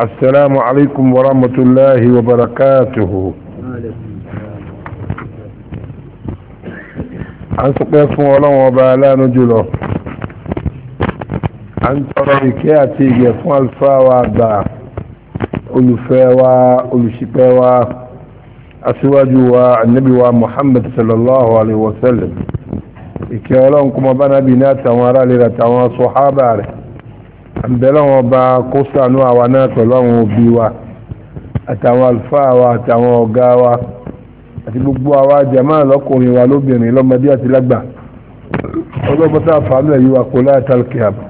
السلام عليكم ورحمة الله وبركاته أنت قسم ولا وبالا نجله أنت رأيكياتي يفعل الفاوى دا ألفاوى ألشباوى أسواجوا النبي ومحمد صلى الله عليه وسلم إكيالهم كما بنا بنا تمارا لرا تمارا صحابة عليه àbẹ̀lọ́wọ́n ọba kó ṣàánú àwa náà pẹ̀lú àwọn òbí wa àtàwọn àlùfáà wa àtàwọn ọ̀gá wa àti gbogbo àwa jàmáà lọ́kùnrin wa lóbìnrin lọ́mọdé àti lágbà ọlọ́pọ̀tà fàánù ẹ̀yí wa kò láàtàlùkì àbọ̀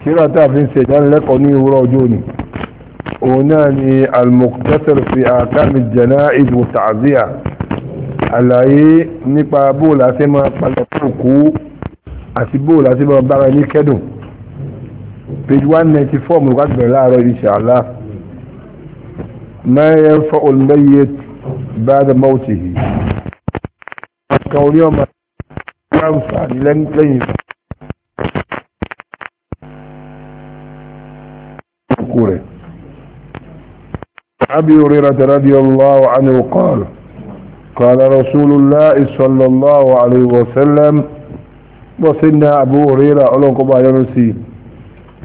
kíra tá a fi ń ṣèdánilẹ́kọ̀ọ́ ní ìwúrọ̀ ọjọ́ òní òun náà ni al fi ahkam al-jana'iz wa àlàyé nípa bóòlù àti máa palẹ̀ fún òkú àti bóòlù àti máa bára ní kẹ́dùn page 194 من قصب العرب ان شاء الله ما ينفع الميت بعد موته كون يوم ينفع لن ينفع أبي هريرة رضي الله عنه قال قال رسول الله صلى الله عليه وسلم وصلنا أبو هريرة أولوكم أيها المسلمين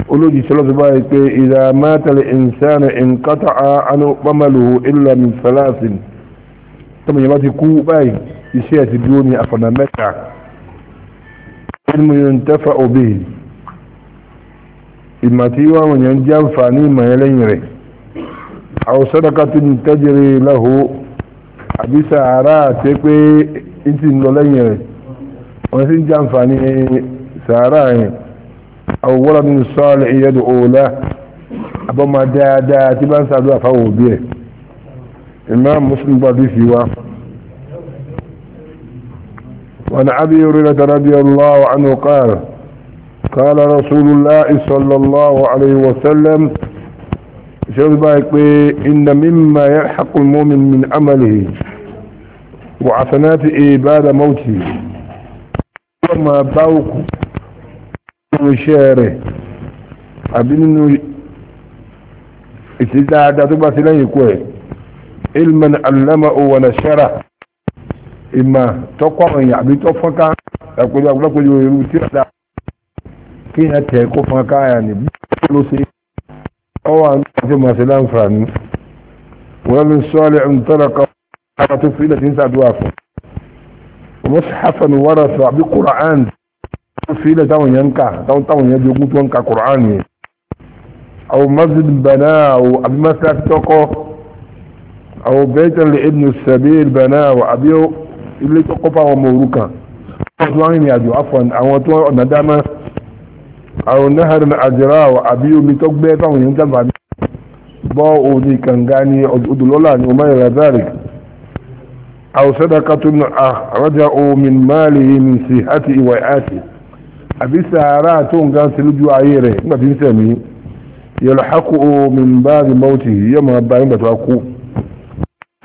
olóòjì sọlọ́sọ báyìí pé ìdá mátàlẹ̀ ìnsánà ìǹkátà àánú pàmàlùwò ilẹ̀ min salasin tọ́mọ yẹn bá ti kú báyìí iṣẹ́ ti dúró ní àfọ̀nà mẹ́ta ilmu yóò tẹ́fà òbí ìmọ̀ tí wọ́n wọ̀nyẹ ń jẹ́ àǹfààní ìmọ̀ yẹn lẹ́yìn rẹ̀ àwọn sọ́dọ̀ká tó ní tẹ́jẹrẹ lọ́hù àbí sàárà àti pé ń ti lọ lẹ́yìn rẹ̀ wọ́n sì ń jẹ́ àǹfààní sàárà yẹn أو ولد صالح يدعو له أبو ما دا دا تبان سادوا فهو به إمام مسلم بادي سوا وعن أبي هريرة رضي الله عنه قال قال رسول الله صلى الله عليه وسلم شوف بايك إن مما يلحق المؤمن من عمله وعفناته بعد موته وما باوكم nínú iṣẹ́ rẹ̀ àbí nínú ìṣẹ́ dáadáa tó bá sí lẹ́yìn ikú ẹ̀ ilman alama wa nashara ìmà tọ́kọ̀ èèyàn àbí tọ́ fọ́nká àpèjọ àpòlọpẹ̀jọ irú tí ó dáa kí ẹ tẹ̀ kó fọ́nká yà ní bí ó ló ṣe ọwọ́ àwọn àti màṣẹ láǹfààní wọ́n lè sọ́ọ̀lẹ̀ ń kan àwọn tó fi ilẹ̀ tí ń sàdúrà fún. ومصحفا ورث بقرآن tó fi ilẹ̀ táwọn yẹn ń kà táwọn yẹn jogún tó ń ka Kùránì yẹn àwọn masjid bana àwọn àbí masalasi tọkọ àwọn bẹ́ẹ̀tẹ̀ lè ibnu sabil bana àwọn àbí ilé tọkọ fáwọn ọmọ òrukàn wọ́n tún wáyé ní àjò afọ̀n àwọn tó ọ̀nà dáná àwọn náhàrin àjẹrà àwọn àbí omi tó gbẹ́ táwọn yẹn ń dábàá bọ́ òní kànga ni odòlọ́là ni ọmọ ìrẹ̀ zárì àwọn sẹ́dàkà tó ń àrọ́jà omi máàlì yìí ní sí àti ìwà àti àbí sàárà tó ń gan sí lójú ayé rẹ̀ nígbà tí ń sẹ̀mí yẹlò hako min bá rí mọ́tì yóò máa bá nígbà tó wá kú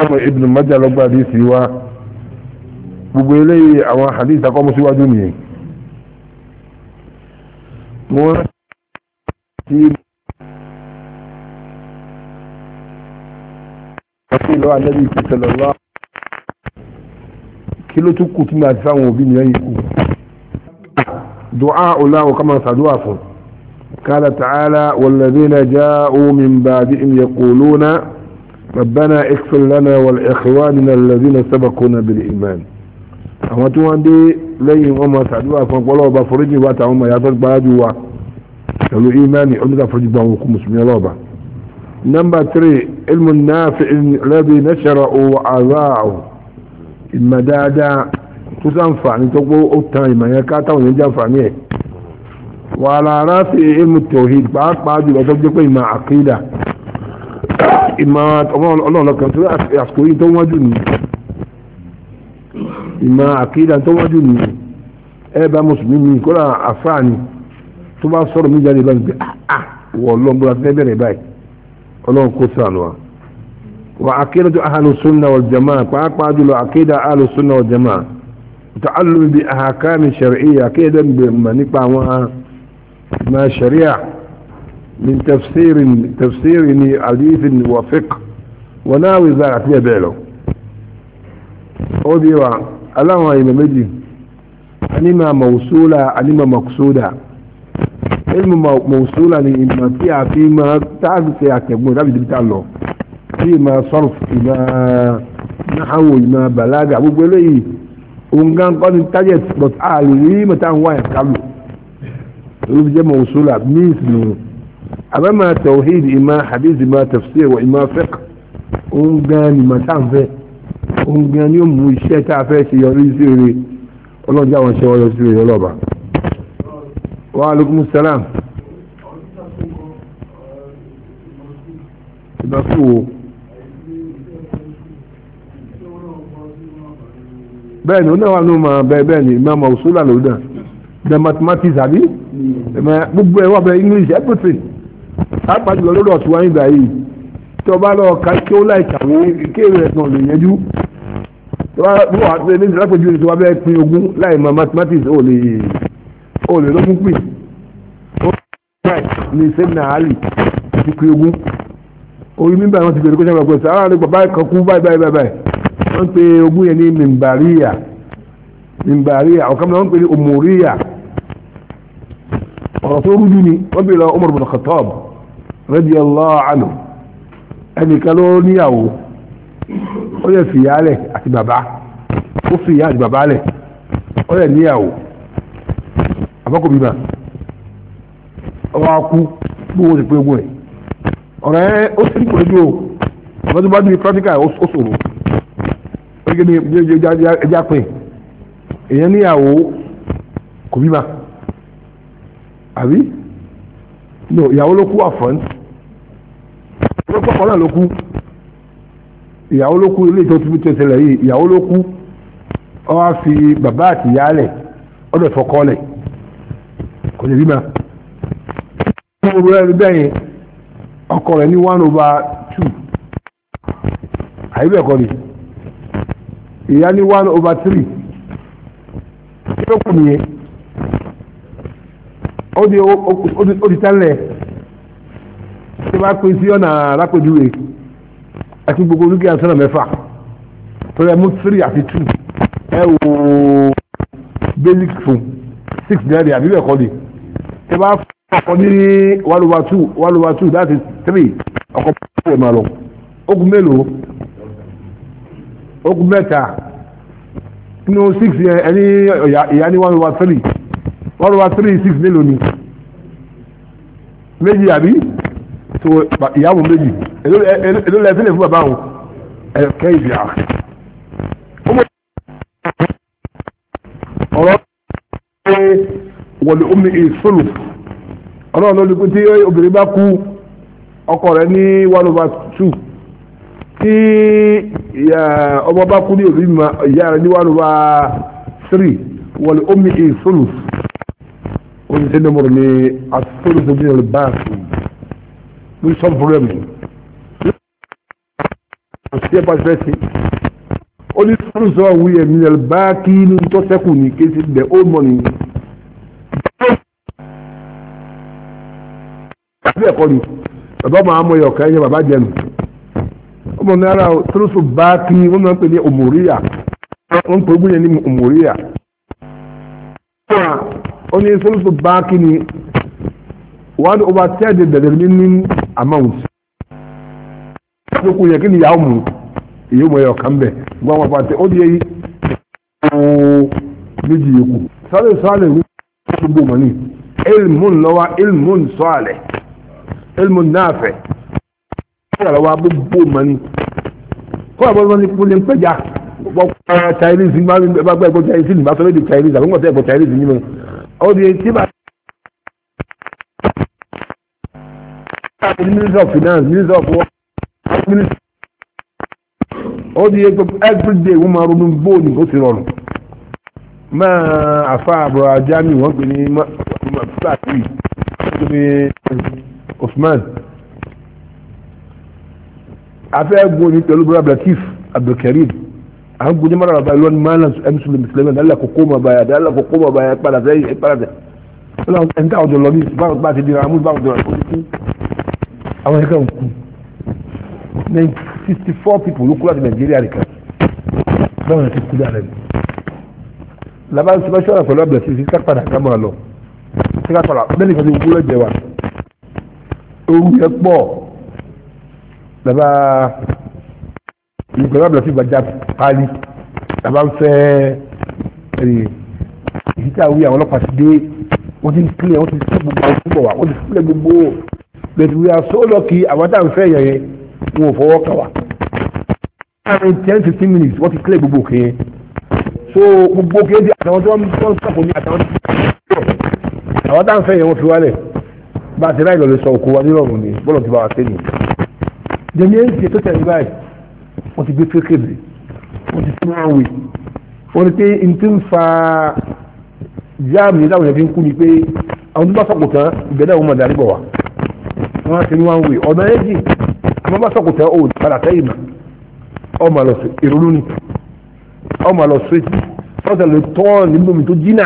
ọmọ ibn Majah lọ́gbà dé sí wa gbogbo eléyìí àwọn hadith akọ́mọ síwájú nìyẹn wọ́n ti lọ́wọ́ anábì sallallahu kí ló tún kù tí mi àti fáwọn òbí mi lẹ́yìn kù. دعاء الله كما تدعوه قال تعالى والذين جاءوا من بعدهم يقولون ربنا اغفر لنا ولاخواننا الذين سبقونا بالايمان اما تواندي لين وما تدعوا فان قولوا بفرجي واتا وما يفر بادوا قالوا ايماني امنا فرجي بانوكم اسم الله نمبر تري علم النافع الذي نشره واذاعه المدادة tó sàǹfààní tó gbó ó tan ìmọ̀ yẹn ká táwọn yẹn jàǹfààní ẹ̀ wà lára sí ilmu tawhid pàápàá jùlọ tó jẹ́ pé ìmọ̀ àkídà ìmọ̀ ọlọ́ọ̀lọ́kan tó àsìkò yìí tó wọ́n jù nìyí ìmọ̀ àkídà tó wọ́n jù nìyí ẹ bá mùsùlùmí mi kóra àfáàní tó bá sọ̀rọ̀ jáde ah, ah báyìí wa tó jama pàápàá jùlọ jama تعلم بأحكام شرعية كيدا بمنقع ما شريعة من تفسير تفسير حديث وفقه وناوي ذلك فيها بيلو أوديوا ألاما إلى مجي أنما موصولة أنما مقصودة علم موصولة لإما فيها فيما تعرف فيها كيبون رابي دبتع الله فيما صرف فيما نحو فيما بلاغة أبو ongan kọ́ni target but a lè rí mẹ́ta ń wá ẹ̀ ká lò ló fi jẹ́ mọ̀ tawhid hadith tafsir wa ima fiqh ongan ni màtá ń fẹ́ ongan ni ó mú iṣẹ́ tá a fẹ́ ṣe yọrí wa alaikum salam. bẹ́ẹ̀ ni ó náà wà ní ọmọ bẹ́ẹ̀ bẹ́ẹ̀ ni ìmọ̀ ọmọ òṣùlà ló dàn the mathematics àbí gbogbo ẹ̀ wà bẹ́ẹ̀ english everything pàápàá jùlọ lórí ọ̀tún wáyé gbà yìí tí ọba lọ ka kí ó láì kàwé kéèrè ẹ̀ náà lè yẹjú tí wọ́n wà ní ní lápẹ̀jú ni tí wọ́n bẹ́ẹ̀ pin ogún láì mọ̀ mathematics ó lè ó lè lógún pin ó ní sẹ́mìnà àlì pin ogún orí mímbà wọn ti bẹ̀rẹ̀ kó sábà pẹ̀ sáà ní bàbá kan kú báyìí báyìí báyìí wọ́n pe ogún yẹn ní mìmbàríyà mìmbàríyà ọ̀kan náà wọ́n pe ní òmùríyà ọ̀rọ̀ tó rújú ni wọ́n pe lọ Umar bin Khattab radiyallahu anhu ẹnìkan ló níyàwó ó yẹ fìyàlẹ̀ àti bàbá ó fìyà àti bàbá lẹ̀ ó yẹ níyàwó àbọ́kò bíbá ọwọ́ akú gbówó ti pé ogún ẹ̀ ọ̀rẹ́ ó sì ń pẹ̀lú o ọ̀rẹ́ tó bá dúró practical ó ṣòro gẹ́gẹ́ bí ẹja pin èèyàn níyàwó kò bímọ àbí no ìyàwó ló kú àfọ́n ọlọ́pàá kan náà ló kú ìyàwó ló kú ilé ìtọ́jú tó ṣẹlẹ̀ yìí ìyàwó ló kú ó wá fi bàbá àti ìyá lẹ̀ ọ̀dọ̀ fọkọ lẹ̀ kò lè bímọ. ọmọ rẹ bẹ́yìn ọkọ rẹ̀ ní one over two àyíbẹ̀ kọ́ ni. ìyá ní one over three kí ló kù nìyẹn ó di ó di tẹ́lẹ̀ tí bá pín sí ọ̀nà alápèjúwe àti gbogbo dúkìá sọ́nà mẹ́fà tọ́lẹ̀ mú three àti two ẹ wò ó basic fún six dẹ́rẹ́ àbí bẹ́ẹ̀ kọ́ di tí bá ọkọ̀ ní one over two one over two that is three ọkọ̀ pọ̀ okùn mẹ́ta nínú six ẹni ìyá ní one over three one over three six mélòó ni méjì àbí so ìyàwó méjì èló lẹ́ẹ̀ sílẹ̀ fún bàbá àwọn ẹ̀kẹ́ ìbíà. ọ̀rọ̀ ṣe wọlé omi ìsọlù ọ̀rọ̀ lórí pé tí obìnrin bá kú ọkọ rẹ̀ ní one over two tí ọmọ bá kú ní òbí ma ìyá rẹ̀ ní wàlú bá tírì wọlé omi ìsọlù oníṣẹ́ ní mọ̀rọ̀ ní asọ́lù tó bíyànjú báàsì ní sọ́fúnrẹ́ mi àti ẹ̀pà fẹ́sì oníṣẹ́lù sọ wúyẹ̀ mi ní báàkì ní tọ́sẹ́kù ní kéṣì bẹ̀ ó mọ̀ ní. bàbá máa mọ ẹ̀yọ̀ kan ẹ̀yẹ bàbá jẹ́ nù ọmọ náírà tólóso bá kí wọ́n máa ń pè ní òmòríyà wọ́n ń pè ogún yẹn ní òmòríyà ó ní tólóso bá kí ni one over ten de dẹ̀dẹ̀ ní ní amount lókun yẹn kí ni ìyàwó mu èyí ò mọ ẹyọ kan bẹ gbọ́n wọn pàtẹ ó di èyí ooo méjì yòókù sálẹ̀ sálẹ̀ wí gbogbo mọ̀ ní ilmun lọ́wọ́ ilmun sọ́ọ̀lẹ̀ ilmun náà fẹ̀ yàrá wa bó bó mọ́ni kọ́ra bọ́ sọ́ni kúlé ń pẹ́jà wọ́n kọ́ Chinese máa ń bá gbọ́ Chinese nígbà sọ́ni Chinese àbúkọ̀ tẹ́ Chinese yìí mọ́ ọ́ di etí bá. minister of finance minister of war, minister ó di yẹ pé everyday wọ́n máa ronú bóòlù bó ti rọrùn máa àfa àbúrò ajá mi wọ́n pè ní mọ́tàkì wọ́n pè ní Usman afẹ́ gun ni pẹ̀lú brother latif abdulkareem à ń gun ní mara bàbá ìlú mọ́lá ẹ̀mísùlùmí ìsìlẹ̀mí ní alákò kó ma báyà alákò kó ma báyà padà sẹ́yìn padà sẹ́yìn ọlọ́run ẹni táwọn jọ lọ ní báwọn bá ti di ramú báwọn jọ lọ sí àwọn ẹ̀ka òkú ní sixty four people ló kú láti nàìjíríà nìkan báwọn ti kú dára ni làbá ń sọ ṣọ́ra pẹ̀lú abdulkareem sí ká padà ká máa lọ sí ká padà bẹ́ẹ̀ ni kò bàbá ìgbàlá bàbá ìgbàjá pálí bàbá ń fẹ́ ìdíjà wí àwọn ọlọ́pàá ti dé wọ́n ti ń kílẹ̀ wọ́n ti sí gbogbo àwọn túbọ̀ wá wọ́n ti sílẹ̀ gbogbo bẹ̀tù wíwá sóòlọ́ kí àwọn táwọn fẹ́ yẹn wọn ò fọwọ́ kà wá. láàrin ten fifteen minutes wọ́n ti kílẹ̀ gbogbo òkè so gbogbo òkè di àtàwọn tí wọ́n ń sàpò ní àtàwọn tí wọ́n ń sàpò àwọn táwọn fẹ́ yẹn wọ́n fi wálẹ̀ bá a ti ráyè lọ lè sọ òkú wa nírọ̀rùn ni bọ́lọ̀ ti bá wa sẹ́yìn jẹni èsì tó tẹ̀lé báyìí wọ́n ti gbé kékeré wọ́n ti fún wọn wè wọ́n ti pé n ti ń fa jáàmù yìí láwọn yẹn fi ń kú ni pé àwọn tó bá sọ̀kò tán ìgbẹ́dẹ̀ wọn mọ̀ darí bọ̀ wá wọ́n ti wọn wè ọ̀nà èjì àwọn bá sọ̀kò tán ò padà tẹ́yìn mọ́ ọmọ lọ sí ìrúlú ni ọmọ lọ sí sọ́tẹ̀ lè tọ́ nínú mi tó jìnnà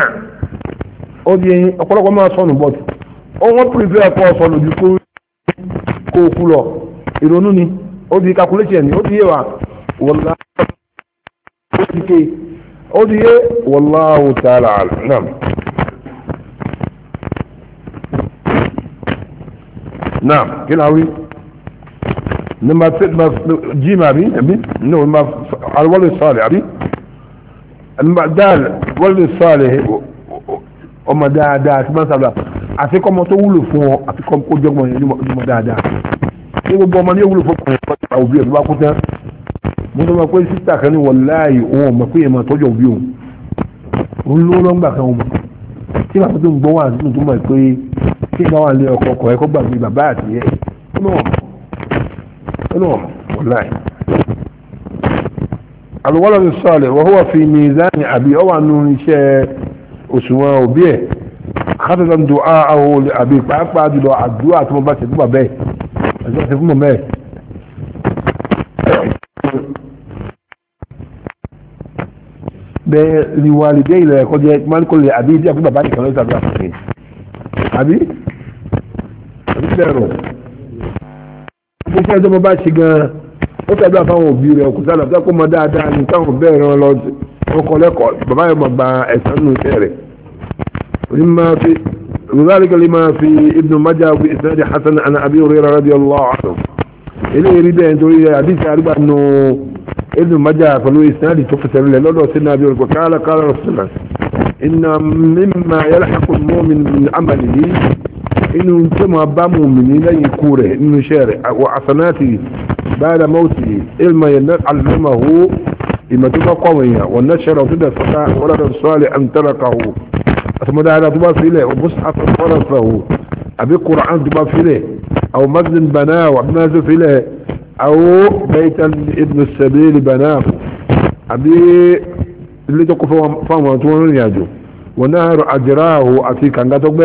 ó di ọ̀pọ̀lọpọ̀ máa sọnù bọ́ọ̀tù ó wọ́n pèsè ẹ̀kọ́ sọnù ju kó kó kú lọ ìrònú ni ó di calculation ni ó di yé wa wàlá ó ti ké ó di yé wallahu ta'ala a'lam. naam kí ni a wí nima jim abi abi no ma alwal salih abi nima dal wal salih o ma dáadáa ti ma sabla àti kọ́mọ tó wúlò fún ọ àti kọ́mọ kó jọ́gbọ̀n yẹn ló ma dáadáa ní gbogbo ọmọ ní ewúro fọkùnrin pátá òbí ẹ̀ ló bá kú tán mo sọ ma pé sísà kan ní wàláhì òun ọmọ pé èèmọ̀ tọ́jú òbí òun òun ló lọ́ngbà kan òun tí màá tó ń gbọ́ wà nínú tó mọ̀ pé kí ìgbà wà lé ọkọ ọkọ ẹ kó gbàgbé bàbá àti ẹ ó náà ó náà wàláhì. الولد الصالح وهو في ميزان أبي أو أنه نشاء أسواه به خططا دعاءه لأبي فأقبع دعاء الدعاء ثم بس دعاء به ẹ̀sọ́ ti fún mọ̀ mẹ́ẹ̀. bẹ́ẹ̀ ni wà lè dé ilẹ̀ ẹ̀kọ́ jẹ́ mọ́nìkọ́lì àbí ìdí àbí bàbá nìkan lọ́sà bí àfẹ́ àbí àbí lẹ́rọ̀ iṣẹ́ ìjọba bá ṣe gan-an ó tẹ̀lé àfáwọn òbí rẹ̀ kò sálà fẹ́ kó mọ dáadáa ní táwọn bẹ́ẹ̀ rán lọ ọkọ̀ lẹ́kọ̀ọ́ bàbá yẹn mọ̀ gba ẹ̀sán nù iṣẹ́ rẹ̀ onímọ̀ fi وذلك لما في ابن في إسناد حسن عن أبي هريرة رضي الله عنه إليه يريد أن تريد حديث أربع أنه ابن مجا فلو إسناد تفسر له لو سيدنا أبي هريرة وقال قال رسول الله إن مما يلحق المؤمن من عمله إنه كما أبا مؤمن لا يكوره إنه شارع وعصناته بعد موته إلما علمه إما تبقى قوية والنشر وتدفع ولد الصالح أن تركه اتمنى انا دوما في له ومصحف فرصه ابي قران دوما في له او مجد بناه وابنازه في له او بيتا ابن السبيل بناه ابي اللي تقف فاهموا تقولوا يا جو ونهر اجراه اتي كان غتوب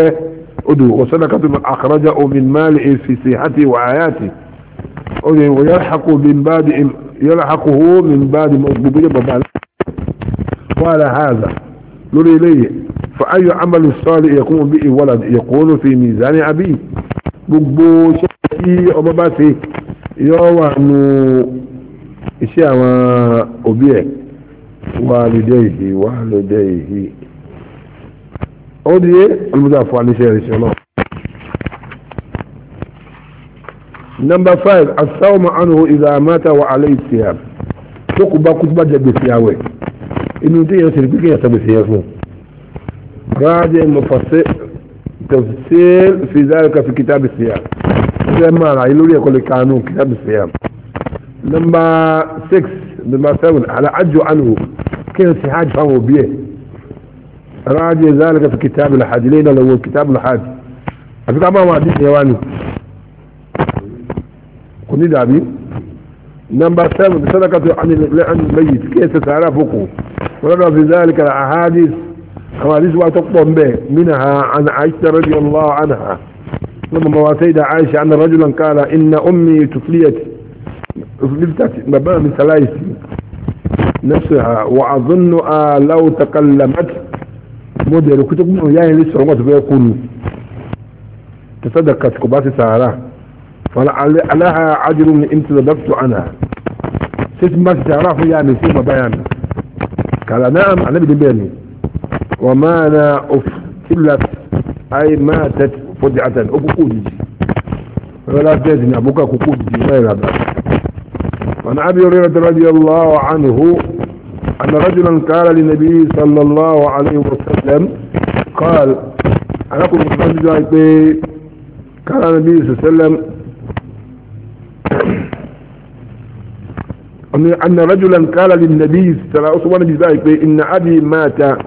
ادو وصدق من اخرجه من ماله في سيحته وآياته أدو ويلحق من بعد يلحقه من بعد مسبوبيه ببال ولا هذا لولي لي فأي عمل صالح يقوم به ولد يقول في ميزان أبيه gbogbo iṣẹ́ tí ọmọ bá ṣe yọ wà nù iṣẹ́ àwọn òbí ẹ̀ wà lóde ìhì wà lóde ìhì ó di yé olùdá fún aníṣẹ́ ìṣẹ́ náà. nọmba five asáwọ̀mọ̀ ànúhó ìdá àmáta wà alẹ́ ìsìyà tó kù bá kú tó bá jẹ gbèsè àwẹ̀ inú tí yẹn ṣe ní pé kéèyàn sọ gbèsè yẹn fún un. راجع مفصل تفصيل في ذلك في كتاب الصيام ما راح يقول لك قانون كتاب الصيام لما 6 بما سوى على عج عنه كيف الحاج فهو بيه راجع ذلك في كتاب الحاج لين لو كتاب الحاج أفكا ما وعدين يواني كنت دابي نمبر 7 صدقة عن الميت كيف تتعرفه ورد في ذلك الأحاديث àwọn àdísí wa tó pọ̀ ń bẹ̀ mínà ha àna àìsà radiyallahu anha lọ́mọ bàbá sayida àìsà àna rajulan qala inna ummi tufliyat tufliyat bàbá mi sàláìsì nafsaha wa azunnu a law takallamat mo dẹ̀rù kútó kúmọ̀ yáyẹ lè sọ̀rọ̀ wọ́n ti fẹ́ kúnu tasadaqat kò bá ti sàárà wala alaha ajrun in tasadaqtu anha sai ti ma ti sàárà fún yáyẹ mi sí bàbá yáyẹ mi kàlà náà ànábìdí bẹ́ẹ̀ ومعنى أفتلت أي ماتت فجعة أبقودي ولا تجنى أبوك كقودي ما يلعب وعن أبي هريرة رضي الله عنه أن رجلا قال للنبي صلى الله عليه وسلم قال أنا كنت متحدث قال النبي صلى الله عليه وسلم أن رجلا قال للنبي صلى الله عليه وسلم إن أبي مات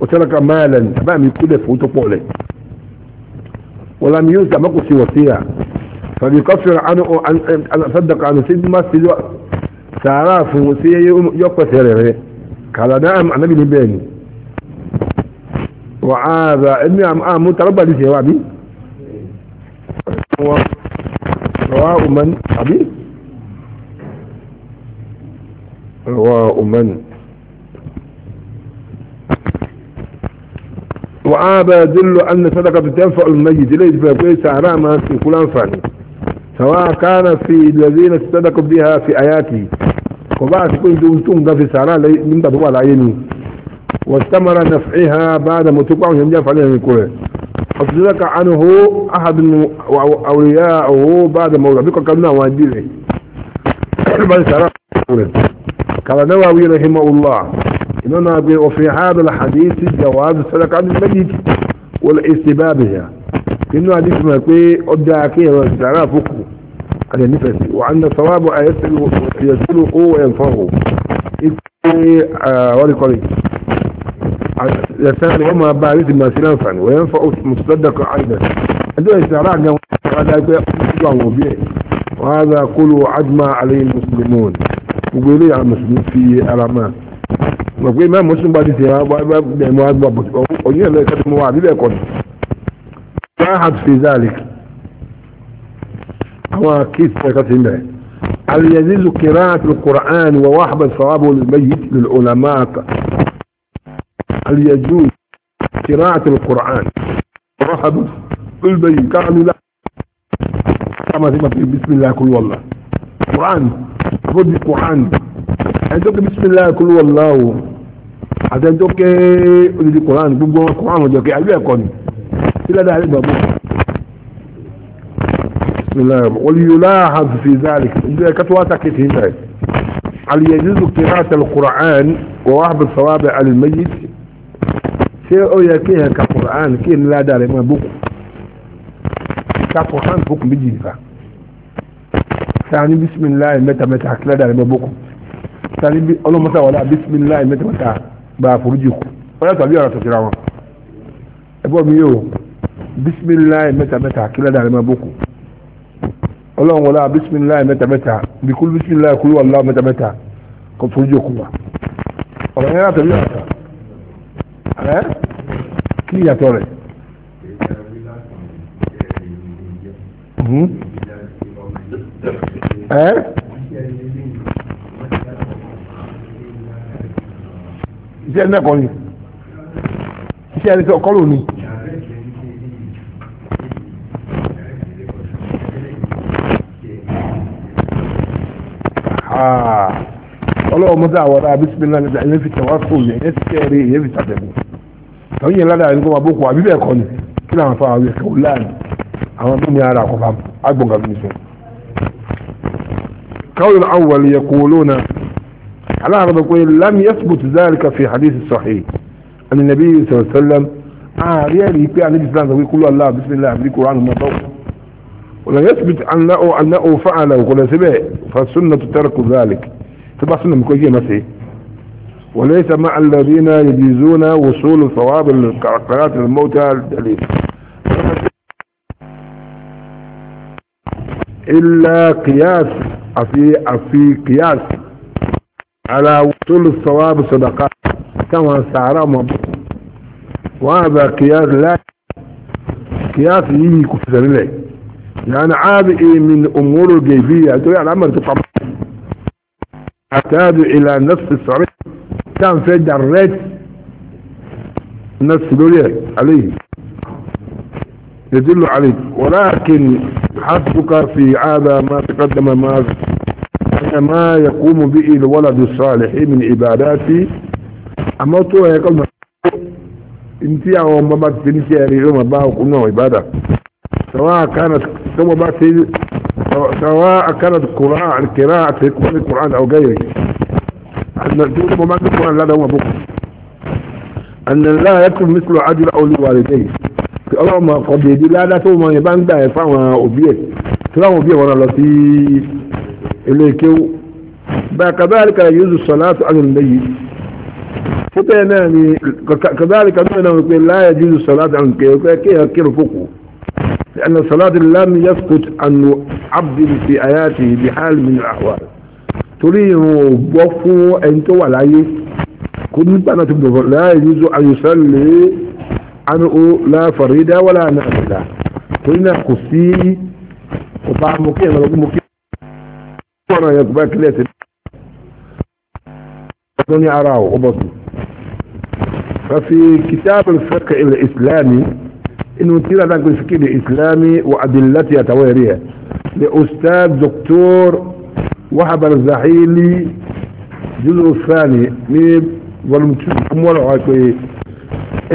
وترك مالا تمام كده فوتو بولي ولم ينسى مكو سي وصية فبيكفر عنه عن صدق عنه سيد ما سيد سارا في وصية يقوى سيريره قال نعم انا بني بيني وعاذا ابني عم آم متربى لي سيوابي رواء من أبي رواء من وعابا دل أن صدقة تنفع الميت ليس فكيس عراما في كل أنفاني سواء كان في الذين صدقوا بها في آياته وبعد كل دونتون في سعراء من تبوى العيني واستمر نفعها بعد ما تقعوا ينجف عليها من كله أصدق عنه أحد أولياءه بعد ما بقى كلنا واجبه بعد سعراء كان نواوي رحمه الله إننا وفي هذا الحديث جواز سلك عن المجد والاستباء بها إنه حديث ما يقول أدعى كي واستعراء فقه على النفس وعند الصواب يسلقه وينفعه إيه، آه، ولقلي يسأل يوم باريس ما سلافا وينفع مصدق عيدا عنده استعراء جواز وهذا كله عدم عليه المسلمون وقولي على المسلمين في ألمان mọ̀ pé mẹ́rin mọ́sùn bá ti tẹ̀ ẹ̀mọ́ àgbà òyìn ẹ̀lẹ́ ìkàtí mọ́ àbíbẹ̀ ẹ̀kọ́ ni farhat fi zalik àwọn kéèsì ẹ̀kọ́ ti ń bẹ̀rẹ̀ alìyẹ̀dí lùkìrá àti lùkùrán wà wà àbẹ̀ sọ́wọ́bù olùmẹ́yì lùlọ́mà alìyẹ̀dí lùkìrá àti lùkùrán wà àbẹ̀ olùmẹ́yì káàmì lá kama ti ma fi bisimilahi kulwala kuran ko di kuran ẹjọ́kẹ́ bisimilayi kúlú wàláwò àtẹjọ́kẹ́ odidi koran gbogbo koran ọjọ́kẹ́ ayé ẹ̀kọ́ ni sílẹ̀dá ayé gbàgbọ́ bisimilayi wàlíyọlá àhàzùfì záàlì ndé kátó wá sàkè tì í sàrẹ̀ àlìyẹ̀dìzù kìrìtà koran wàwá àbẹ̀ sàwábẹ̀ àlìmẹ́yì ṣé ó yẹ kí yẹn ka koran kí yẹn nílá dàrẹ̀ máa bókù ka koran bókù méjì nìkan sani bisimilayi mẹ́ta mẹ́ta kílẹ̀ dàrẹ̀ máa bókù sani bi ọlọmọta wàlá bisimilayi mẹtẹmẹta gba àforíjì kù ọlọmọ tàbí ọ̀rọ̀ tòkìrà wọn ẹgbọ́n mi yóò bisimilayi mẹtẹmẹta kílẹ̀ dàrẹ́ máa bókù ọlọ́run wọlá bisimilayi mẹtẹmẹta bikulu bisimilayi kulu wàlá mẹtẹmẹta kò foríjì kù wa ọ̀rọ̀ yẹn náà tàbí ọ̀rọ̀ tà ẹ́ kí ìyàtọ̀ rẹ̀. Hmm? ẹ́ iṣẹ́ ẹni ẹ̀kọ́ ni iṣẹ́ ẹni tí ọkọ́ lò ní. Ah, ọlọ́wọ́ mọ́tò àwọn ará bisimilá ní ẹ̀yẹ́ fi tẹ̀wá fún mi ẹ̀yẹ́ fi kẹ́rì ẹ̀yẹ́ fi tàtẹ̀kù tàwọn yẹn ládàá ní kó máa àbí bẹ́ẹ̀ kọ́ ni kí àwọn àwọn ara على يقول لم يثبت ذلك في حديث الصحيح أن النبي صلى الله عليه وسلم آه ريالي يبقى عن الإسلام يقول الله بسم الله عبدك وعن المطوع ولا يثبت أنه, أنه فعل وقال سبع فالسنة ترك ذلك تبع سنة مكوية مسيح وليس مع الذين يجيزون وصول ثواب القرارات الموتى الدليل إلا قياس أفي, أفي قياس على وصول الصواب صدقات كما سعر وهذا قياس لا قياس يجي كفر لي يعني عادي من أمور الجيبية يعني عمر تقبل احتاج إلى نفس الصريح كان في الرات نفس دولي عليه يدل عليه ولكن حسبك في هذا ما تقدم ما ما يقوم به الولد الصالح من عباداتي أما تو يقول انتي او ما تنسي اليوم ما باو كنا عبادة سواء كانت سواء بات سواء كانت قراءة القراءة في القرآن أو غيره أن ما بات القرآن لا دوم ابوك أن لا يكون مثل عدل أو لوالديه اللهم قد يدي لا لا تو ما يبان ده فما أبيه تلا أبيه ولا لا ilé kéwú kàbáàlìkà yóò sọ̀láàtù alùlẹ́yì fúta náà ni kàbáàlìkà náà náà wípé láyà jésù sọ̀láàtù alùlẹ́yì wípé kéèyàn kéré fòkù لأن الصلاة لم يسقط عن عبد في آياته بحال من الأحوال torí ìrùn ògbọ́ fún ẹni tó wà láyé kò ní gbàgbà tó gbọ̀gbọ̀ láì nízo àyùsọ̀lẹ̀ àánú láfàrídá wà láàánú àbẹ̀dá torí náà kò sí ọba mọ̀kí ẹ̀rọ mọ̀kí ọ̀nà yẹn kò bá kílẹ̀ sí tó ní ara ọ̀ ọbọ̀ sí fàfi kìtàbù fẹ́kẹ̀ ilẹ̀ ìsìlámi inú tíra náà gbé síkìlì ìsìlámi wà àdìláti àtàwọn ẹ̀rí ẹ̀ lè ustaz dr wahab al-zahili jùlọ fani ní volume 2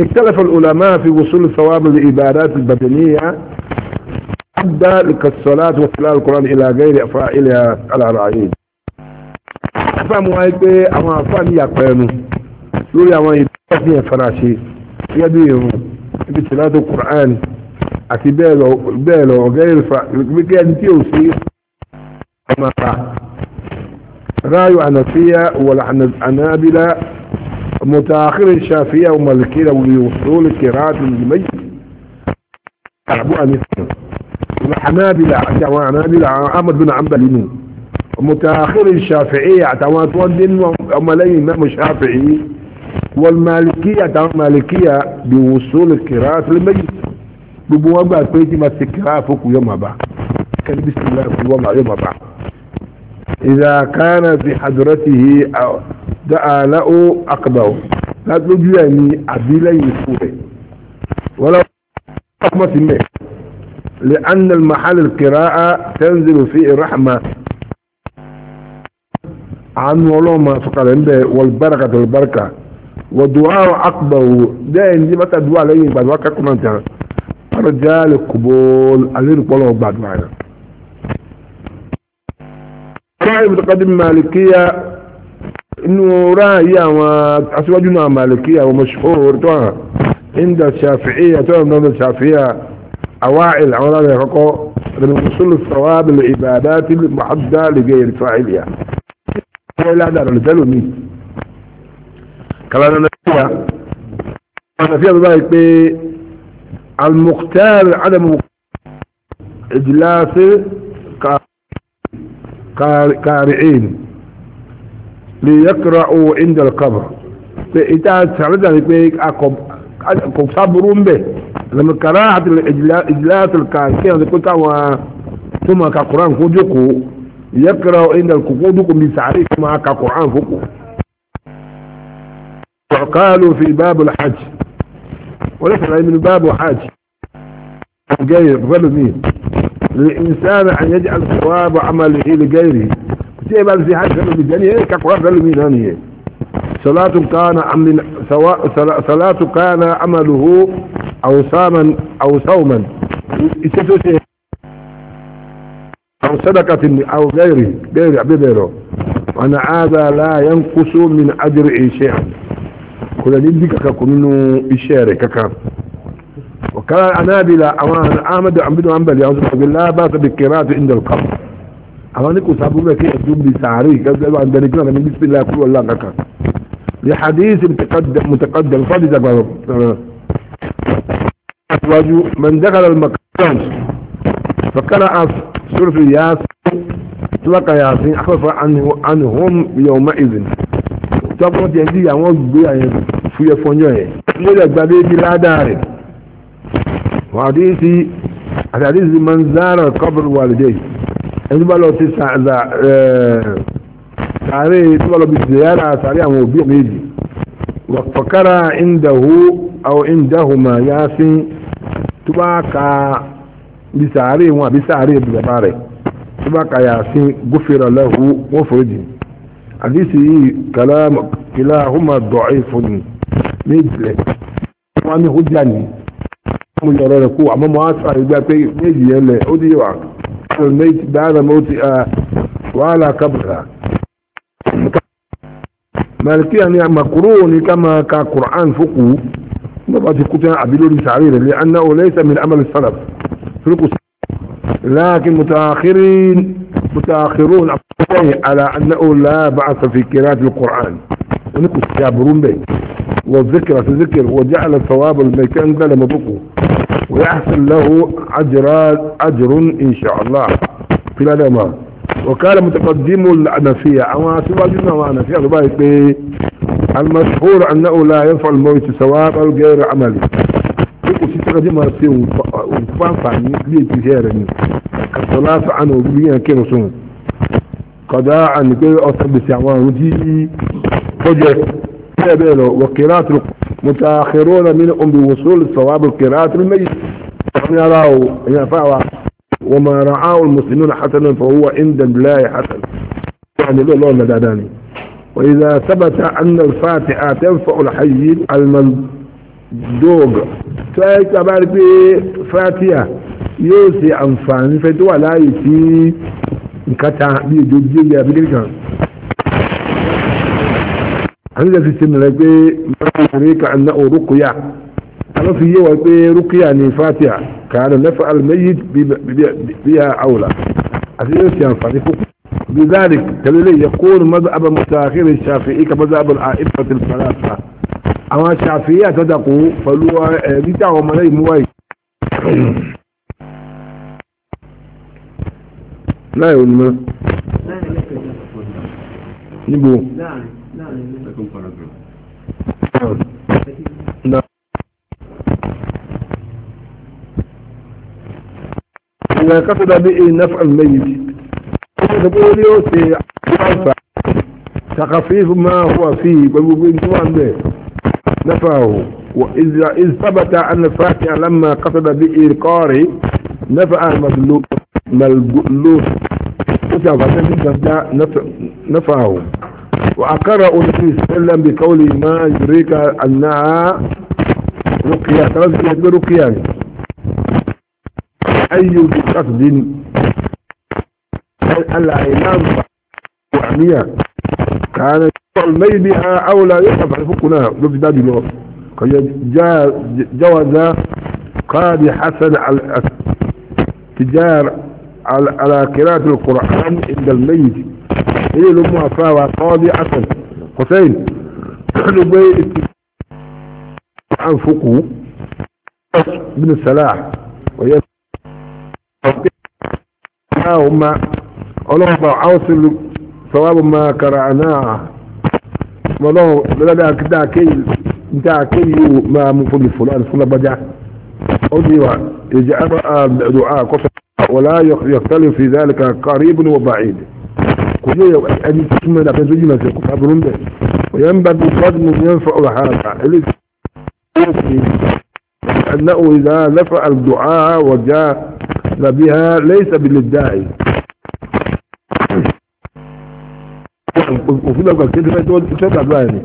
اختلف العلماء في وصول ثواب العبادات البدنيه عدى لك الصلاة وصلاة القرآن إلى غير أفائلها على رعيد أفهم وايك أما أفهم يقين لولي أما يتفني فراشي يديهم بصلاة القرآن أتي بيلو بيلو غير فا بيجان تيوسي أما رايو عنفية ولا عنابلة متاخر الشافية وملكية وليوصول كرات الميت أعبو أن يفهم الحنابلة عتوا حنابلة أحمد بن عمبل إنه متأخر الشافعية عتوان تودين أمالي إمام الشافعي والمالكية عتوان مالكية بوصول القراءة للمجلس ببوابة كويتي ما القراءة فوق يوم أبا كان بسم الله في وضع يوم أبا إذا كان في حضرته دعا له أقبعه لا أبي عبيلا يسوه ولو أقمت الناس لأن المحل القراءة تنزل فيه الرحمة عن ما فقال عنده والبركة البركة ودعاء أكبر دائن دي متى دعاء لي بعد وقت كنا انتهى رجال القبول علينا قولوا بعد معنا صاحب متقدم مالكية انه راية أسواجنا مالكية ومشهور عند الشافعية توهم الشافعية أوائل عوالي رقو للوصول الثواب العبادات المحدة لغير فاعلها لا دار لتلو مين كلانا نفيا أنا فيها ذلك المختار عدم إجلاس قارعين ليقرأوا عند القبر إذا سردنا ذلك أكم أكب صبرون به لما كراهة الإجلات الكاسية ذكرت ثم كقرآن فوجكو يقرأ عند الكفودكم بتعريف مع كقرآن فوقو قالوا في باب الحج وليس من باب حج غير ظلمي للإنسان أن يجعل ثواب عمله لغيره كتير بقى في حاجة ظلمي كقرآن ظلمي هانيه صلاة كان عمل سواء صلاة كان عمله أو صاما أو صوما أو صدقة أو غيره غير غيره وأنا هذا لا ينقص من أجر شيئا كل ذلك ككمن إشارة ككام وكان الأنابلة أمان أحمد عبد أنبل يقول لا بأس بالقراءة عند القبر أما نكو سابقا كي أجوب بسعري كذلك عندنا كنا من بسم الله كل الله ككام لحديث متقدم متقدم فضي من دخل المكان فقرأ سورة ياسين تلقى ياسين أخفى عنه عنهم يومئذ تقرأ جنزي يموز بيه في فنجوه ليلة قبيب لا داري وحديثي الحديث من زار القبر والديه انتبه لو تسع آه، sàárè tí wọ́n ya na ziyara a àwọn òbí méjì wàfàkàrà ìndàhù àwọn ìndàhùmà yásin tó bá ka bí sàárè wọn àbí sàárè bàbá rẹ̀ tó bá ka yásin gófèrè mi méjìlẹ̀ wọn ní hujja ni mo yọrọ malikiya ni makuru ni kama ka qur'an fuku baba ti kuta abilo ni sa'ire li anna laysa min amal salaf fuku lakin mutaakhirin mutaakhirun ala annahu la ba'sa fi qira'ati al-qur'an ونكو الشابرون به والذكر في ذكر وجعل ثواب المكان ده لمبقه ويحصل له أجر أجر إن شاء الله في الأدمان وكان متقدم الأنفية أما سوى جنة وأنفية بقى المشهور أنه لا ينفع الموت ثواب أو غير عمل يقول تقدم وفانفع ليه تجارني الصلاة عنه بيان كنسون قضاء عن كي أصبح سعوان ودي فجر تابلو وقراءة متأخرون من أم بوصول الثواب القراءة الميت يراو ينفعوا وما رعاه المسلمون حسنا فهو عند الله حسن يعني له لون نداني. واذا ثبت ان الفاتحه تنفع الحي المندوق فاي كبار في فاتحه يوسي انفان فتوى لا يتي انكتا بيجوجي يا بيجوجي هل ذا ستين لك بي ما يريك انه رقيا انا في يوى بي رقيا كان نفع الميت بها أولى لذلك كذلك يقول مذهب متاخر الشافعي كمذهب العائفة الثلاثة أما الشافعية تدقوا فلو آه، بتاعوا ملي موي لا يولم نبو لا لا لا نعم. من قصد به إيه نفع الميت تقول عفا تخفيف ما هو فيه نفعه وإذا إذ ثبت أن الفاتح لما قصد به إيه القارئ نفع المظلوم ملبوس نفعه وأقر النبي صلى الله عليه وسلم بقول ما يريك أنها رقية رقية أي قصد ألا إمام وعمية كان يعلمي بها أو لا يحب حفقنا بفداد الله جوز قاضي حسن على تجار على قراءة القرآن عند الميت هي إيه لما فاوى قاضي حسن حسين نحن بيت عن فقه بن السلاح ويسر اللهم اللهم عوصل ثواب ما كرعناه ولو لا كدا كي نتا كي ما مفل فلان فلان بجع أدوى يجعل دعاء قصر ولا يختلف في ذلك قريب وبعيد كل يوم أدي تسمى لكن زوجي ما سيكون أبرون به وينبغي قدم ينفع هذا أنه إذا نفع الدعاء وجاء يحظى بها ليس بالادعي وفي لك كده تقول تشبع باني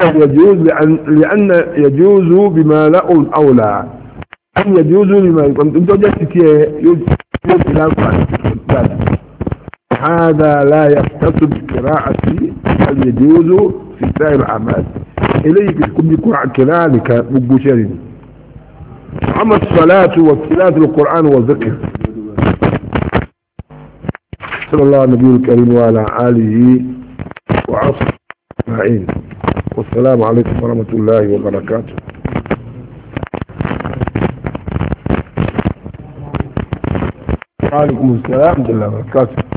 يعني. يجوز لأن, لأن يجوز بما لا أولى أن يجوز لما يكون أنت وجدت كيه يجوز إلى هذا لا يختص بقراءة بل يجوز في سائر الأعمال إليك تكون قراءة كذلك مبوشرين أما الصلاة وتلاوة القرآن والذكر صلى الله على النبي الكريم وعلى آله وعصر معين والسلام عليكم ورحمة الله وبركاته وعليكم السلام ورحمة الله وبركاته